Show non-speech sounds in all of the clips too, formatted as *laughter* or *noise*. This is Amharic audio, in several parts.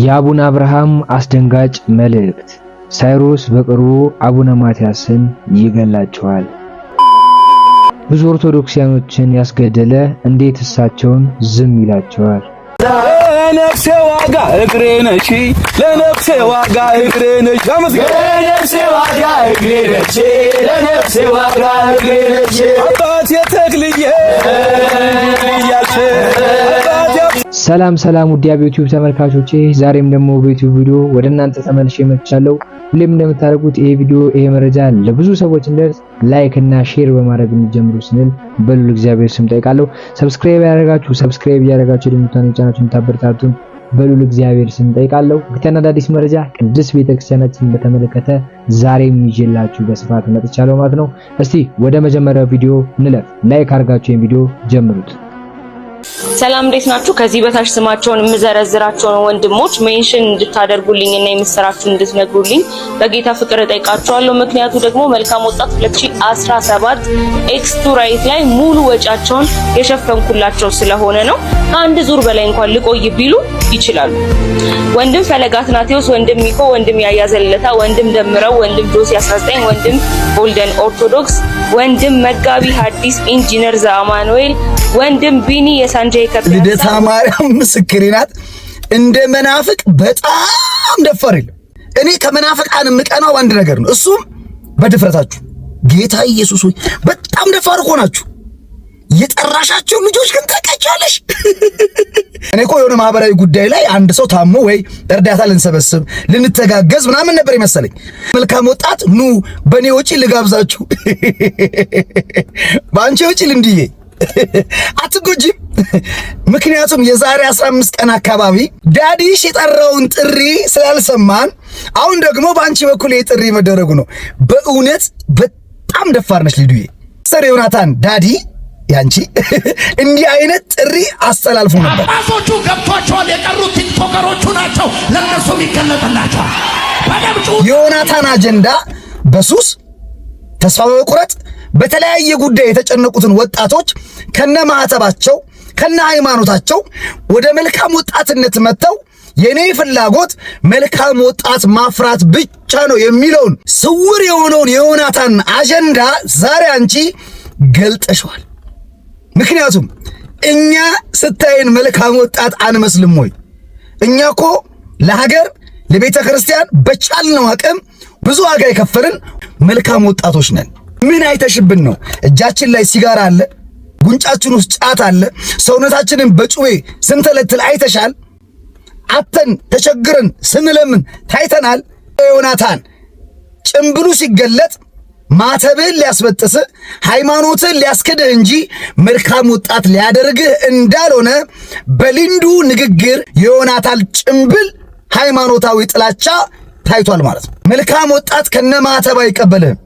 የአቡነ አብርሃም አስደንጋጭ መልእክት። ሳይሮስ በቅርቡ አቡነ ማትያስን ይገላቸዋል። ብዙ ኦርቶዶክሲያኖችን ያስገደለ እንዴት እሳቸውን ዝም ይላቸዋል? ለነፍሴ ዋጋ እግሬ ነሽ፣ ለነፍሴ ዋጋ እግሬ ነሽ፣ ለነፍሴ ዋጋ እግሬ ነሽ፣ ለነፍሴ ዋጋ እግሬ ነሽ ሰላም ሰላም ውዲያ ዩቲዩብ ተመልካቾቼ፣ ዛሬም ደግሞ በዩቲዩብ ቪዲዮ ወደ እናንተ ተመልሼ መጥቻለሁ። ሁሌም እንደምታደርጉት ይሄ ቪዲዮ ይሄ መረጃ ለብዙ ሰዎች እንደርስ ላይክ እና ሼር በማድረግ እንጀምሩ ስንል በሉ እግዚአብሔር ስም ጠይቃለሁ። ሰብስክራይብ ያደረጋችሁ ሰብስክራይብ ያደረጋችሁ ደግሞ ቻናችሁን ታበረታቱን በሉ እግዚአብሔር ስም ጠይቃለሁ። ግተና አዳዲስ መረጃ ቅድስት ቤተክርስቲያናችን በተመለከተ ዛሬም ይዤላችሁ በስፋት መጥቻለሁ ማለት ነው። እስቲ ወደ መጀመሪያው ቪዲዮ እንለፍ። ላይክ አድርጋችሁ ይሄን ቪዲዮ ጀምሩት። ሰላም እንዴት ናችሁ? ከዚህ በታች ስማቸውን የምዘረዝራቸውን ወንድሞች ሜንሽን እንድታደርጉልኝ እና የምስራችሁን እንድትነግሩልኝ በጌታ ፍቅር እጠይቃችኋለሁ። ምክንያቱ ደግሞ መልካም ወጣት 2017 ኤክስቱ ራይት ላይ ሙሉ ወጫቸውን የሸፈንኩላቸው ስለሆነ ነው። ከአንድ ዙር በላይ እንኳን ልቆይ ቢሉ ይችላሉ። ወንድም ፈለጋት ናቴዎስ፣ ወንድም ሚኮ፣ ወንድም ያያዘለታ፣ ወንድም ደምረው፣ ወንድም ጆሲ 19፣ ወንድም ጎልደን ኦርቶዶክስ፣ ወንድም መጋቢ ሐዲስ ኢንጂነር ዘአማኑኤል ወንድም ቢኒ የሳንጃዬ ከፍ ልደታ ማርያም ምስክሬ ናት። እንደ መናፍቅ በጣም ደፋር የለም። እኔ ከመናፍቃን የምቀናው አንድ ነገር ነው፣ እሱም በድፍረታችሁ። ጌታ ኢየሱስ ሆይ በጣም ደፋር እኮ ናችሁ። የጠራሻቸው ልጆች ግን ታውቂያቸዋለሽ። እኔ እኮ የሆነ ማህበራዊ ጉዳይ ላይ አንድ ሰው ታሞ ወይ እርዳታ ልንሰበስብ ልንተጋገዝ ምናምን ነበር የመሰለኝ። መልካም ወጣት ኑ በእኔ ወጪ ልጋብዛችሁ፣ በአንቺ ወጪ ልንድዬ *laughs* አትጎጂም። ምክንያቱም የዛሬ 15 ቀን አካባቢ ዳዲሽ የጠራውን ጥሪ ስላልሰማን አሁን ደግሞ በአንቺ በኩል ጥሪ መደረጉ ነው። በእውነት በጣም ደፋር ነች ልዱዬ። ሰር ዮናታን ዳዲ ያንቺ *laughs* እንዲህ አይነት ጥሪ አስተላልፎ ነበር። አባቶቹ ገብቷቸዋል። የቀሩት ቲክቶከሮቹ ናቸው። ለእነሱም ይገለጥላቸዋል። ዮናታን አጀንዳ በሱስ ተስፋ በመቁረጥ በተለያየ ጉዳይ የተጨነቁትን ወጣቶች ከነ ማዕተባቸው ከነ ሃይማኖታቸው ወደ መልካም ወጣትነት መጥተው የኔ ፍላጎት መልካም ወጣት ማፍራት ብቻ ነው የሚለውን ስውር የሆነውን የዮናታን አጀንዳ ዛሬ አንቺ ገልጠሸዋል። ምክንያቱም እኛ ስታይን መልካም ወጣት አንመስልም ወይ? እኛ እኮ ለሀገር ለቤተ ክርስቲያን በቻልነው አቅም ብዙ ዋጋ የከፈልን መልካም ወጣቶች ነን። ምን አይተሽብን ነው? እጃችን ላይ ሲጋራ አለ፣ ጉንጫችን ውስጥ ጫት አለ፣ ሰውነታችንን በጩቤ ስንተለትል አይተሻል። አተን ተቸግረን ስንለምን ታይተናል። ዮናታን ጭምብሉ ሲገለጥ ማተብህን ሊያስበጥስ ሃይማኖትህን ሊያስክድህ እንጂ መልካም ወጣት ሊያደርግህ እንዳልሆነ በሊንዱ ንግግር የዮናታን ጭምብል ሃይማኖታዊ ጥላቻ ታይቷል ማለት ነው። መልካም ወጣት ከነማተብ አይቀበልህም።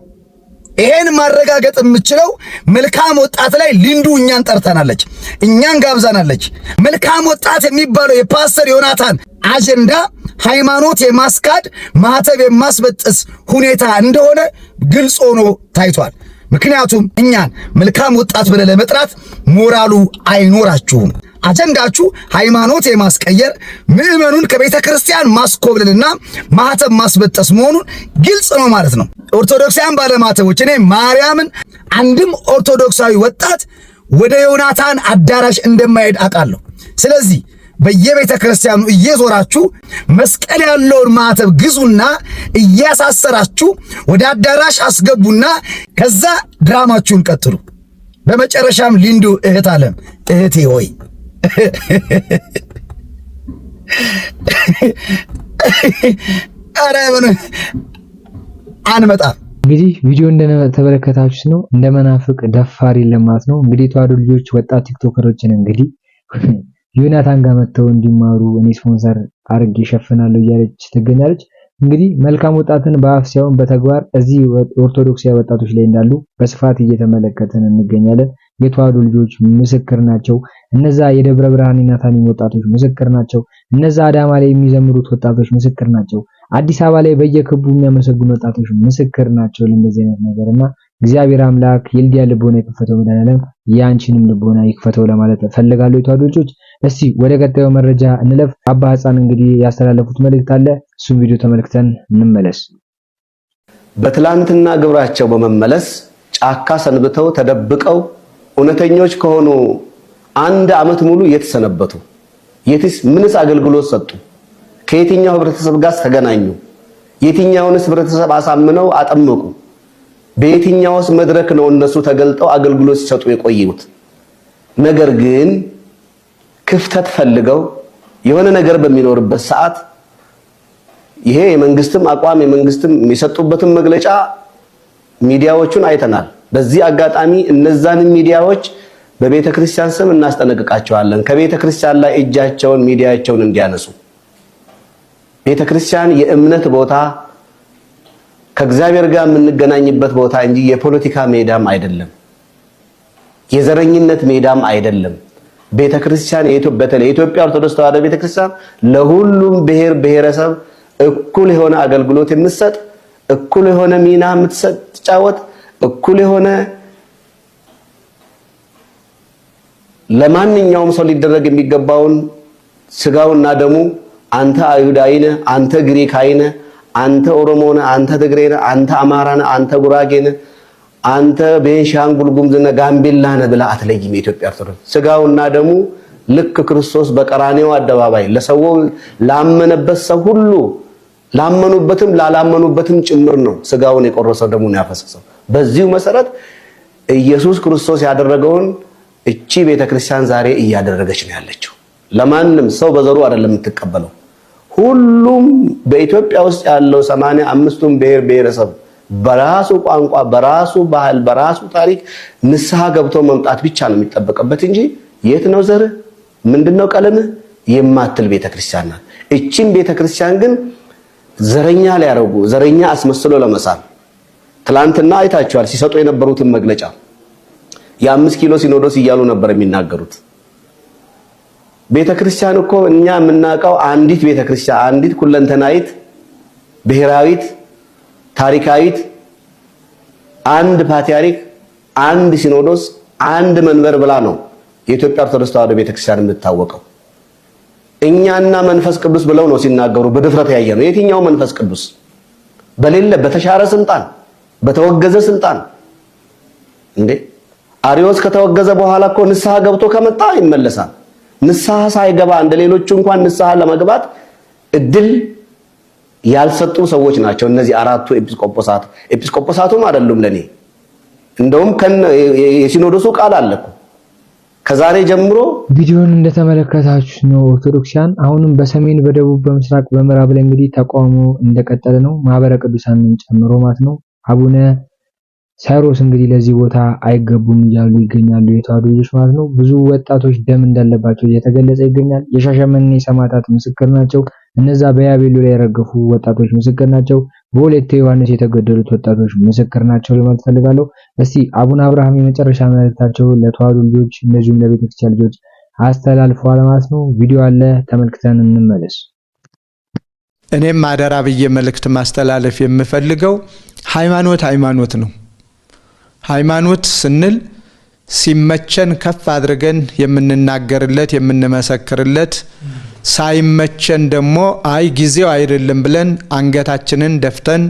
ይሄን ማረጋገጥ የምችለው መልካም ወጣት ላይ ሊንዱ እኛን ጠርተናለች፣ እኛን ጋብዛናለች። መልካም ወጣት የሚባለው የፓስተር ዮናታን አጀንዳ ሃይማኖት የማስካድ ማህተብ የማስበጥስ ሁኔታ እንደሆነ ግልጽ ሆኖ ታይቷል። ምክንያቱም እኛን መልካም ወጣት ብለህ ለመጥራት ሞራሉ አይኖራችሁም። አጀንዳችሁ ሃይማኖት የማስቀየር ምዕመኑን ከቤተ ክርስቲያን ማስኮብለልና ማህተብ ማስበጠስ መሆኑን ግልጽ ነው ማለት ነው። ኦርቶዶክሳውያን ባለማተቦች እኔ ማርያምን አንድም ኦርቶዶክሳዊ ወጣት ወደ ዮናታን አዳራሽ እንደማይሄድ አውቃለሁ። ስለዚህ በየቤተ ክርስቲያኑ እየዞራችሁ መስቀል ያለውን ማተብ ግዙና እያሳሰራችሁ ወደ አዳራሽ አስገቡና ከዛ ድራማችሁን ቀጥሉ። በመጨረሻም ሊንዱ እህት አለም እህቴ ሆይ ኧረ ምን አንመጣም። እንግዲህ ቪዲዮ እንደተመለከታችሁ ነው። እንደ መናፍቅ ደፋሪ የለም ነው። እንግዲህ ተዋዶ ልጆች ወጣት ቲክቶከሮችን እንግዲህ ዮናታን ጋር መጥተው እንዲማሩ እኔ ስፖንሰር አድርጌ እሸፍናለሁ እያለች ትገኛለች። እንግዲህ መልካም ወጣትን በአፍ ሳይሆን በተግባር እዚህ ኦርቶዶክሳዊ ወጣቶች ላይ እንዳሉ በስፋት እየተመለከትን እንገኛለን። የተዋሕዶ ልጆች ምስክር ናቸው። እነዛ የደብረ ብርሃን ናታኒ ወጣቶች ምስክር ናቸው። እነዛ አዳማ ላይ የሚዘምሩት ወጣቶች ምስክር ናቸው። አዲስ አበባ ላይ በየክቡ የሚያመሰግኑ ወጣቶች ምስክር ናቸው ለእንደዚህ አይነት ነገርና እግዚአብሔር አምላክ የልዲያ ልቦና የከፈተው መድኃኔዓለም የአንቺንም ልቦና ይክፈተው ለማለት ፈልጋለሁ። የተዋሕዶ ልጆች እስቲ ወደ ቀጣዩ መረጃ እንለፍ። አባ ሕፃን እንግዲህ ያስተላለፉት መልእክት አለ። እሱን ቪዲዮ ተመልክተን እንመለስ። በትላንትና ግብራቸው በመመለስ ጫካ ሰንብተው ተደብቀው እውነተኞች ከሆኑ አንድ ዓመት ሙሉ የተሰነበቱ የትስ ምንስ አገልግሎት ሰጡ? ከየትኛው ህብረተሰብ ጋር ተገናኙ? የትኛውንስ ህብረተሰብ አሳምነው አጠመቁ? በየትኛውስ መድረክ ነው እነሱ ተገልጠው አገልግሎት ሲሰጡ የቆዩት? ነገር ግን ክፍተት ፈልገው የሆነ ነገር በሚኖርበት ሰዓት ይሄ የመንግስትም አቋም የመንግስትም የሰጡበትን መግለጫ ሚዲያዎቹን አይተናል። በዚህ አጋጣሚ እነዛንም ሚዲያዎች በቤተ ክርስቲያን ስም እናስጠነቅቃቸዋለን። ከቤተ ክርስቲያን ላይ እጃቸውን ሚዲያቸውን እንዲያነሱ ቤተ ክርስቲያን የእምነት ቦታ ከእግዚአብሔር ጋር የምንገናኝበት ቦታ እንጂ የፖለቲካ ሜዳም አይደለም፣ የዘረኝነት ሜዳም አይደለም። ቤተክርስቲያን በተለይ የኢትዮጵያ ኦርቶዶክስ ተዋሕዶ ቤተክርስቲያን ለሁሉም ብሔር ብሔረሰብ እኩል የሆነ አገልግሎት የምትሰጥ እኩል የሆነ ሚና የምትጫወት እኩል የሆነ ለማንኛውም ሰው ሊደረግ የሚገባውን ስጋውና ደሙ አንተ አይሁድ አይነ፣ አንተ ግሪክ አይነ አንተ ኦሮሞነ አንተ ትግሬነ፣ አንተ አማራነ፣ አንተ ጉራጌነ፣ አንተ ቤንሻንጉል ጉሙዝ ነህ፣ ጋምቤላ ብላ አትለይም። የኢትዮጵያ ኦርቶዶክስ ስጋውና ደሙ ልክ ክርስቶስ በቀራኔው አደባባይ ለሰው ላመነበት ሰው ሁሉ ላመኑበትም ላላመኑበትም ጭምር ነው ስጋውን የቆረሰው ደሙን ያፈሰሰው። በዚሁ መሰረት ኢየሱስ ክርስቶስ ያደረገውን እቺ ቤተክርስቲያን ዛሬ እያደረገች ነው ያለችው። ለማንም ሰው በዘሩ አይደለም የምትቀበለው። ሁሉም በኢትዮጵያ ውስጥ ያለው ሰማንያ አምስቱን ብሔር ብሔረሰብ በራሱ ቋንቋ፣ በራሱ ባህል፣ በራሱ ታሪክ ንስሐ ገብቶ መምጣት ብቻ ነው የሚጠበቅበት እንጂ የት ነው ዘርህ፣ ምንድነው ቀለምህ የማትል ቤተክርስቲያን ናት። እቺን ቤተክርስቲያን ግን ዘረኛ ሊያረጉ ዘረኛ አስመስሎ ለመሳል ትላንትና አይታችኋል ሲሰጡ የነበሩትን መግለጫ የአምስት ኪሎ ሲኖዶስ እያሉ ነበር የሚናገሩት። ቤተ ክርስቲያን እኮ እኛ የምናውቀው አንዲት ቤተ ክርስቲያን አንዲት ኩለንተናዊት ብሔራዊት ታሪካዊት አንድ ፓትርያርክ አንድ ሲኖዶስ አንድ መንበር ብላ ነው የኢትዮጵያ ኦርቶዶክስ ተዋሕዶ ቤተክርስቲያን የምትታወቀው። እኛና መንፈስ ቅዱስ ብለው ነው ሲናገሩ በድፍረት ያየ ነው። የትኛው መንፈስ ቅዱስ በሌለ በተሻረ ስልጣን፣ በተወገዘ ስልጣን እንዴ! አሪዮስ ከተወገዘ በኋላ እኮ ንስሐ ገብቶ ከመጣ ይመለሳል። ንስሐ ሳይገባ እንደ ሌሎቹ እንኳን ንስሐ ለመግባት እድል ያልሰጡ ሰዎች ናቸው እነዚህ አራቱ ኤጲስቆጶሳት። ኤጲስቆጶሳቱም አይደሉም ለኔ እንደውም የሲኖዶሱ ቃል አለኩ ከዛሬ ጀምሮ ቪዲዮን እንደተመለከታችሁ ነው ኦርቶዶክሲያን አሁንም በሰሜን በደቡብ በምስራቅ በምዕራብ ላይ እንግዲህ ተቃውሞ እንደቀጠለ ነው። ማህበረ ቅዱሳንን ጨምሮ ማለት ነው አቡነ ሳይሮስ እንግዲህ ለዚህ ቦታ አይገቡም እያሉ ይገኛሉ የተዋሕዶ ልጆች ማለት ነው። ብዙ ወጣቶች ደም እንዳለባቸው እየተገለጸ ይገኛል። የሻሸመኔ ሰማዕታት ምስክር ናቸው። እነዛ በያቤሎ ላይ የረገፉ ወጣቶች ምስክር ናቸው። በሁለቴ ዮሐንስ የተገደሉት ወጣቶች ምስክር ናቸው ለማለት ፈልጋለሁ። እስቲ አቡነ አብርሃም የመጨረሻ መልእክታቸው ለተዋሕዶ ልጆች እንደዚሁም ለቤተክርስቲያን ልጆች አስተላልፈዋል ማለት ነው። ቪዲዮ አለ ተመልክተን እንመለስ። እኔም አደራ ብዬ መልእክት ማስተላለፍ የምፈልገው ሃይማኖት ሃይማኖት ነው ሃይማኖት ስንል ሲመቸን ከፍ አድርገን የምንናገርለት የምንመሰክርለት፣ ሳይመቸን ደግሞ አይ ጊዜው አይደለም ብለን አንገታችንን ደፍተን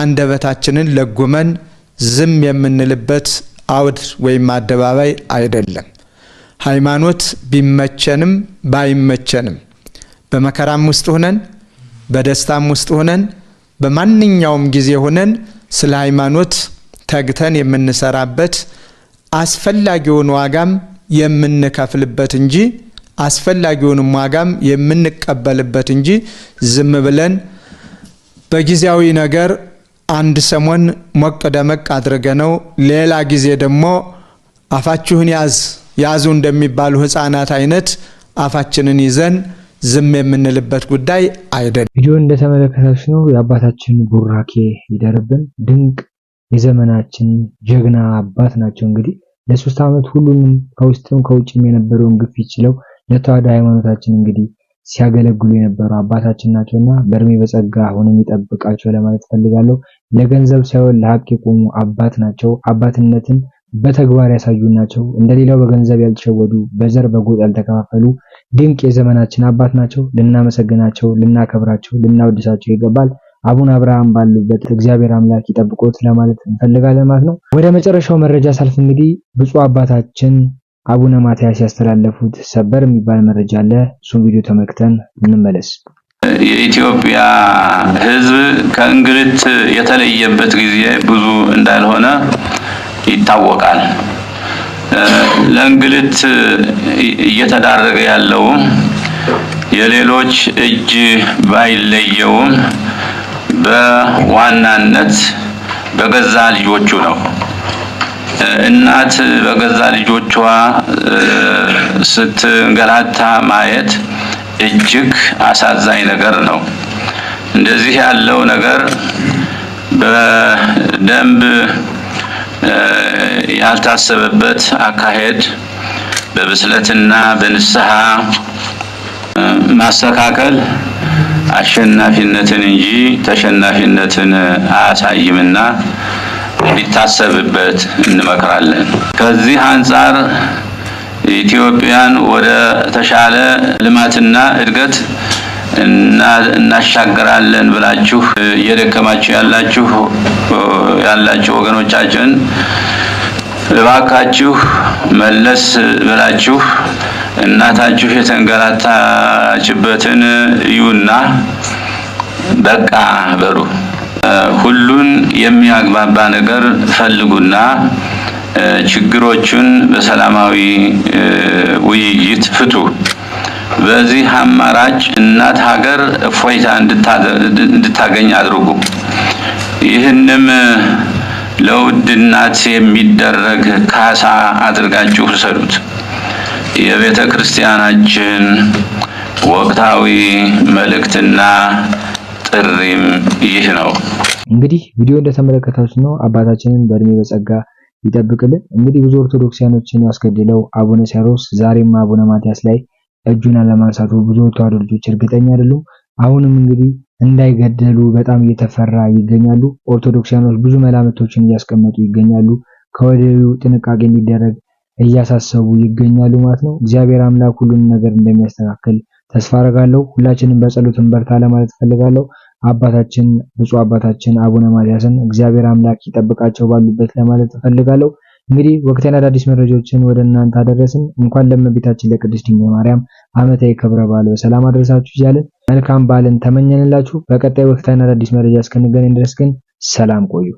አንደበታችንን ለጉመን ዝም የምንልበት አውድ ወይም አደባባይ አይደለም። ሃይማኖት ቢመቸንም ባይመቸንም በመከራም ውስጥ ሆነን በደስታም ውስጥ ሆነን በማንኛውም ጊዜ ሆነን ስለ ሃይማኖት ተግተን የምንሰራበት አስፈላጊውን ዋጋም የምንከፍልበት እንጂ አስፈላጊውንም ዋጋም የምንቀበልበት እንጂ ዝም ብለን በጊዜያዊ ነገር አንድ ሰሞን ሞቅ ደመቅ አድርገ ነው፣ ሌላ ጊዜ ደግሞ አፋችሁን ያዝ ያዙ እንደሚባሉ ህጻናት አይነት አፋችንን ይዘን ዝም የምንልበት ጉዳይ አይደለም። ቪዲዮ እንደተመለከታችሁ ነው። የአባታችን ቡራኬ ይደርብን። ድንቅ የዘመናችን ጀግና አባት ናቸው። እንግዲህ ለሶስት ዓመት ሁሉንም ከውስጥም ከውጭም የነበረውን ግፍ ችለው ለተዋሕዶ ሃይማኖታችን እንግዲህ ሲያገለግሉ የነበሩ አባታችን ናቸውና በእድሜ በጸጋ አሁንም ይጠብቃቸው ለማለት ፈልጋለሁ። ለገንዘብ ሳይሆን ለሀቅ የቆሙ አባት ናቸው። አባትነትን በተግባር ያሳዩ ናቸው። እንደሌላው በገንዘብ ያልተሸወዱ፣ በዘር በጎጥ ያልተከፋፈሉ ድንቅ የዘመናችን አባት ናቸው። ልናመሰግናቸው፣ ልናከብራቸው፣ ልናወድሳቸው ይገባል። አቡነ አብርሃም ባሉበት እግዚአብሔር አምላክ ይጠብቆት ለማለት እንፈልጋለን ማለት ነው። ወደ መጨረሻው መረጃ ሳልፍ እንግዲህ ብፁዕ አባታችን አቡነ ማትያስ ያስተላለፉት ሰበር የሚባል መረጃ አለ። እሱን ቪዲዮ ተመልክተን እንመለስ። የኢትዮጵያ ሕዝብ ከእንግልት የተለየበት ጊዜ ብዙ እንዳልሆነ ይታወቃል። ለእንግልት እየተዳረገ ያለውም የሌሎች እጅ ባይለየውም በዋናነት በገዛ ልጆቹ ነው። እናት በገዛ ልጆቿ ስትንገላታ ማየት እጅግ አሳዛኝ ነገር ነው። እንደዚህ ያለው ነገር በደንብ ያልታሰበበት አካሄድ በብስለትና በንስሐ ማስተካከል አሸናፊነትን እንጂ ተሸናፊነትን አያሳይምና እንዲታሰብበት እንመክራለን። ከዚህ አንጻር ኢትዮጵያን ወደ ተሻለ ልማትና እድገት እናሻገራለን ብላችሁ እየደከማችሁ ያላችሁ ያላችሁ ወገኖቻችን እባካችሁ መለስ ብላችሁ እናታችሁ የተንገላታችበትን እዩና በቃ በሉ። ሁሉን የሚያግባባ ነገር ፈልጉና ችግሮቹን በሰላማዊ ውይይት ፍቱ። በዚህ አማራጭ እናት ሀገር እፎይታ እንድታገኝ አድርጉ። ይህንም ለውድ እናት የሚደረግ ካሳ አድርጋችሁ ውሰዱት። የቤተ ክርስቲያናችን ወቅታዊ መልእክትና ጥሪም ይህ ነው። እንግዲህ ቪዲዮ እንደተመለከታችሁ ነው። አባታችንን በእድሜ በጸጋ ይጠብቅልን። እንግዲህ ብዙ ኦርቶዶክሲያኖችን ያስገድለው አቡነ ሳይሮስ ዛሬም አቡነ ማትያስ ላይ እጁን አለማንሳቱ ብዙ ተዋዶልጆች እርግጠኛ አይደሉም። አሁንም እንግዲህ እንዳይገደሉ በጣም እየተፈራ ይገኛሉ። ኦርቶዶክሲያኖች ብዙ መላምቶችን እያስቀመጡ ይገኛሉ። ከወዲሁ ጥንቃቄ እንዲደረግ እያሳሰቡ ይገኛሉ ማለት ነው። እግዚአብሔር አምላክ ሁሉንም ነገር እንደሚያስተካክል ተስፋ አረጋለሁ። ሁላችንም በጸሎት እንበርታ ለማለት ፈልጋለሁ። አባታችን ብፁዕ አባታችን አቡነ ማትያስን እግዚአብሔር አምላክ ይጠብቃቸው ባሉበት ለማለት ፈልጋለሁ። እንግዲህ ወቅታዊና አዳዲስ መረጃዎችን ወደ እናንተ አደረስን። እንኳን ለእመቤታችን ለቅድስት ድንግል ማርያም ዓመታዊ ክብረ በዓል በሰላም አደረሳችሁ እያለን መልካም በዓልን ተመኘንላችሁ። በቀጣይ ወቅታዊና አዳዲስ መረጃ እስክንገናኝ ድረስ ግን ሰላም ቆዩ።